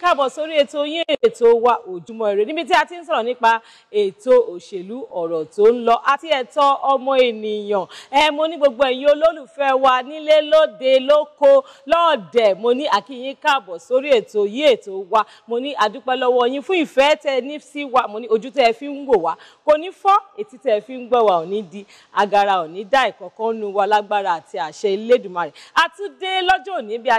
káàbọ̀ sórí ètò yín ètò wa òjúmọ́ ire níbi tí a ti ń sọ̀rọ̀ nípa ètò òṣèlú ọ̀rọ̀ tó ń lọ àti ẹ̀tọ́ ọmọ ènìyàn ẹ mo ní gbogbo ẹ̀yin olólùfẹ́ wa nílé lóde lóko lọ́ọ̀dẹ̀ mo ní àkíyín káàbọ̀ sórí ètò yín ètò wa mo ní àdúpẹ́ lọ́wọ́ yín fún ìfẹ́ tẹ ní sí wa mo ní ojú tẹ fi ń wò wá kò ní fọ́ etí tẹ fi ń gbọ́ wa ò ní di agara ò ní dá ìkọ̀kan nu wa lágbára àti àṣẹ Elédùmarè àtúndé lọ́jọ́ òní bí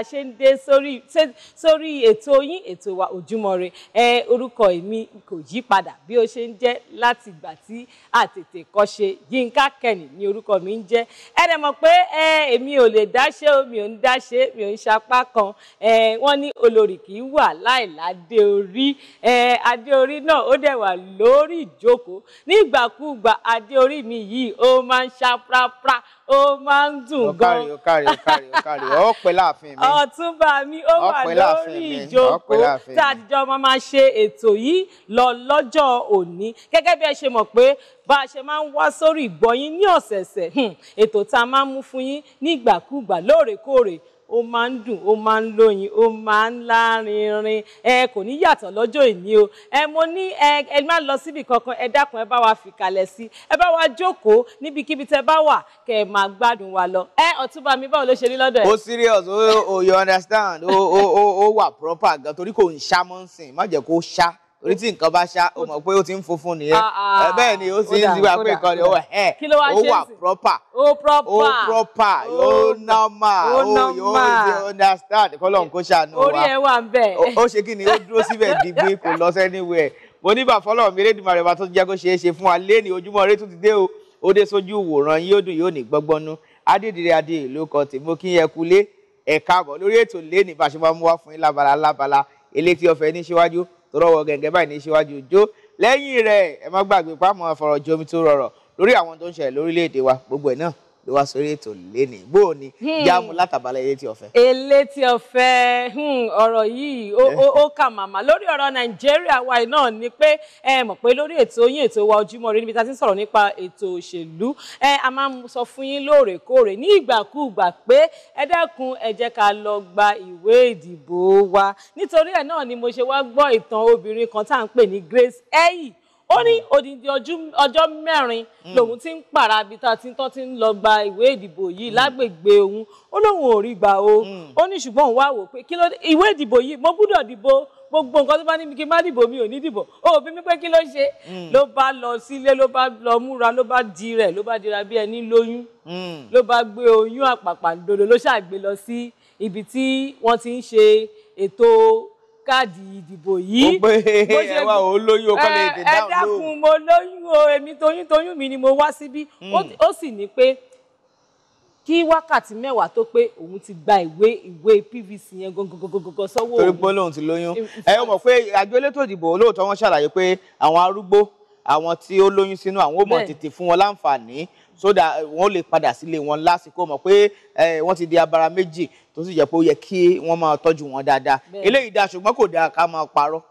ètò wa Ojúmọ́ Ire ẹ orúkọ èmi kò yí padà bí ó ṣe ń jẹ́ láti ìgbà tí àtètè kọ́ṣe Yínká Kẹ́ni ni orúkọ mi ń jẹ́ ẹ dẹ̀ mọ̀ pé ẹ èmi ò lè dáṣe o mi ò ń dáṣe mi ò ń ṣapá kan ẹ wọ́n ní olórí kì í wà láìládé orí ẹ adé orí náà ó dẹ̀ wà lórí ìjókòó nígbàkúùgbà adé orí mi yìí ó máa ń ṣaprápra O máa ń dùn gan. ó kárí ó kárí ó kárí ó pẹ́ láàfin mi. ọ̀túnba mi ó wà lórí ìjókòó tá a dìjọ́ máa máa ṣe ètò yìí lọ lọ́jọ́ òní gẹ́gẹ́ bí ẹ ṣe mọ̀ pé bá a ṣe máa ń wá sórí ìgbọ̀yìn ní ọ̀sẹ̀ẹ̀sẹ̀ hmm, ètò tá a máa ń mú fún yín nígbàkúgbà lóòrèkóòrè ó máa ń dùn ó máa ń lóyin ó máa ń lárinrin ẹ kò ní yàtọ̀ lọ́jọ́ ìní o ẹ mo ní ẹ ẹ má lọ síbi kankan ẹ dákun ẹ bá wa fìkàlẹ̀ sí ẹ bá wa jókòó níbikíbi tẹ bá wà kẹ ẹ máa gbádùn wa lọ ẹ ọ̀túnba mi báwo ló ṣe rí lọ́dọ̀ ẹ. ó serious o o you understand o o o wà proper gan torí kò ń ṣá mọ́ ń sìn má jẹ́ kó ṣá orí tí nǹkan bá ṣá o mọ̀ pé ó ti ń funfun nìyẹn ah, ah, bẹ́ẹ̀ ni ó sì ń sígbà pé nǹkan ni ó wà ẹ̀ ó wà proper ó proper ó normal ó yóò ṣe understand kọ́lọ́n kó ṣàánú wa orí ẹ̀ wà ń bẹ̀. ó ṣe kí ni ó dúró síbẹ̀ digbí kò lọ anywhere mo ní bàfọ́lọ́ mi rédìmọ̀ rẹ̀ bá tó jẹ́ kó ṣeé ṣe fún wa lé ní ojúmọ́ rẹ̀ tó ti dé o ó dé sójú wòran yóò dùn yóò ní gbọ́gbọ́nú adédìrẹ adé ìlú kan tèmi kí yẹn kulé ẹ̀ka àbọ̀ lórí ètò lé bá ṣe máa mú wá fún yín lábala lábala eléyìí tí ọ̀fẹ́ ní síwájú tó rọwọ́ gẹ́gẹ́ báyìí ní síwájú ojó lẹ́yìn rẹ̀ ẹ má gbàgbé pàmò àfọ̀rọ̀jomitoro ọ̀rọ̀ lórí àwọn tó ń ṣẹlẹ̀ lórílẹ̀‐èdè wa gbogbo ẹ̀ náà ló wá sórí ètò léni bó hmm. o ní jáàmù látàbálẹ elétí ọ̀fẹ́. elétí hmm, ọ̀fẹ́ ọ̀rọ̀ yìí ó kà màmá lórí ọ̀rọ̀ nàìjíríà wa náà ni pé ẹ mọ̀ pé lórí ètò yín ètò wa ojúmọ́ ire níbi tá a ti ń sọ̀rọ̀ nípa ètò òṣèlú ẹ a máa ń sọ fún yín lóòrèkóòrè ní ìgbàkúùgbà pé ẹ dẹ́kun ẹ jẹ́ ká lọ gba ìwé ìdìbò wa nítorí ẹ náà ni mo ṣe wá gbọ́ ìtàn obìnrin kan tá à ń pè ní Grace Eyi ó ní odindi ọjọ́ mẹ́rin hmm. lòun ti ń pàrà bí ta ti tán ti ń lọ gba ìwé ìdìbò yìí hmm. lágbègbè òun ó lóun ò rí gbà o hmm. ó ní ṣùgbọ́n òun wá wò pé kí ló ìwé ìdìbò yìí mo gbúdọ̀ dìbò gbogbo nǹkan tó bá ní kí n má dìbò mi ò ní dìbò ó bí mi pé kí ló ṣe ló bá lọ sílé ló bá lọ múra ló bá di rẹ̀ ló bá dira bí ẹni lóyún ló bá gbé oyún àpàpàǹdodo ló ṣàgbé lọ sí ibi tí wọ́n ti ń ṣe ètò káàdì ìdìbò yìí. ó pé ẹ wá o lóyún o kọ́ lè dè dáhùn lóhùn. ẹ dákun mo lóyún o èmi toyún toyún mi ni mo wá síbí hmm. ó sì ní pé kí wákàtí mẹ́wàá tó pé òun ti gba ìwé ìwé PVC yẹn gọgọgọgọgọ sọ́wọ́ òun. torí pé lóun ti lóyún ẹ ó mọ̀ pé àjọ elétò ìdìbò olóòótọ́ wọn ṣàlàyé pé àwọn arúgbó àwọn tí ó lóyún sínú àwọn ó mọ̀ tètè fún wọn láǹfààní so that eh, wọ́n lè padà sílé wọn lásìkò mọ̀ pé eh, wọ́n ti di abara méjì tó sì jẹ́ pé ó yẹ kí wọ́n máa tọ́jú wọn dáadáa eléyìí dáa ṣùgbọ́n kò dáa ká máa parọ́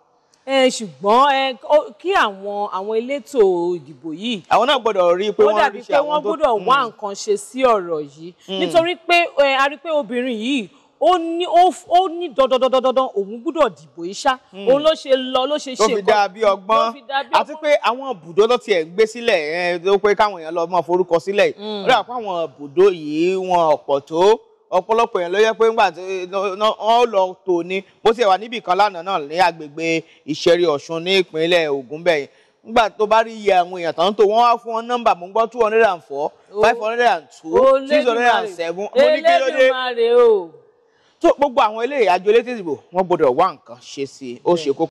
ṣùgbọ́n kí àwọn àwọn elétò ìdìbò yìí. àwọn náà gbọ́dọ̀ rí i pé wọ́n rí iṣẹ́ àwọn tó ó dàbí pé wọ́n gbọ́dọ̀ wá hmm. nǹkan ṣe sí ọ̀rọ̀ yìí hmm. nítorí pé a rí i pé obìnrin yìí ó ní ó ní dandandandandan òun gbúdọ̀ dìbò iṣá hmm. òun ló ṣe lọ ló ṣe ṣe nǹkan ló fi dà bí ọgbọ́n àti pé àwọn bùdó ló tiẹ̀ gbé sílẹ̀ ẹ̀ tó pé káwọn èèyàn lọ mọ́ forúkọ sílẹ̀ yìí hmm. ó dà pé àwọn bùdó yìí wọn ọ̀pọ̀ tó ọ̀pọ̀lọpọ̀ yẹn ló yẹ pé ńgbà tí wọ́n lọ tò ní bó ti wà níbì kan lánàá náà ní agbègbè ìṣeré ọ̀ṣun ní ìpínlẹ̀ Ògùn bẹ́ẹ̀ nígbà tó bá rí iye àwọn èèyàn tán tó wọ́n wá fún wọn nọ́mbà mo gbọ́ two hundred and four oh. five hundred and two six hundred and seven mo ní kí ló dé tó gbogbo àwọn ilé àjọ elétò ìdìbò wọn gbọ́dọ̀ wá nǹkan ṣe sí i ó ṣe kókó.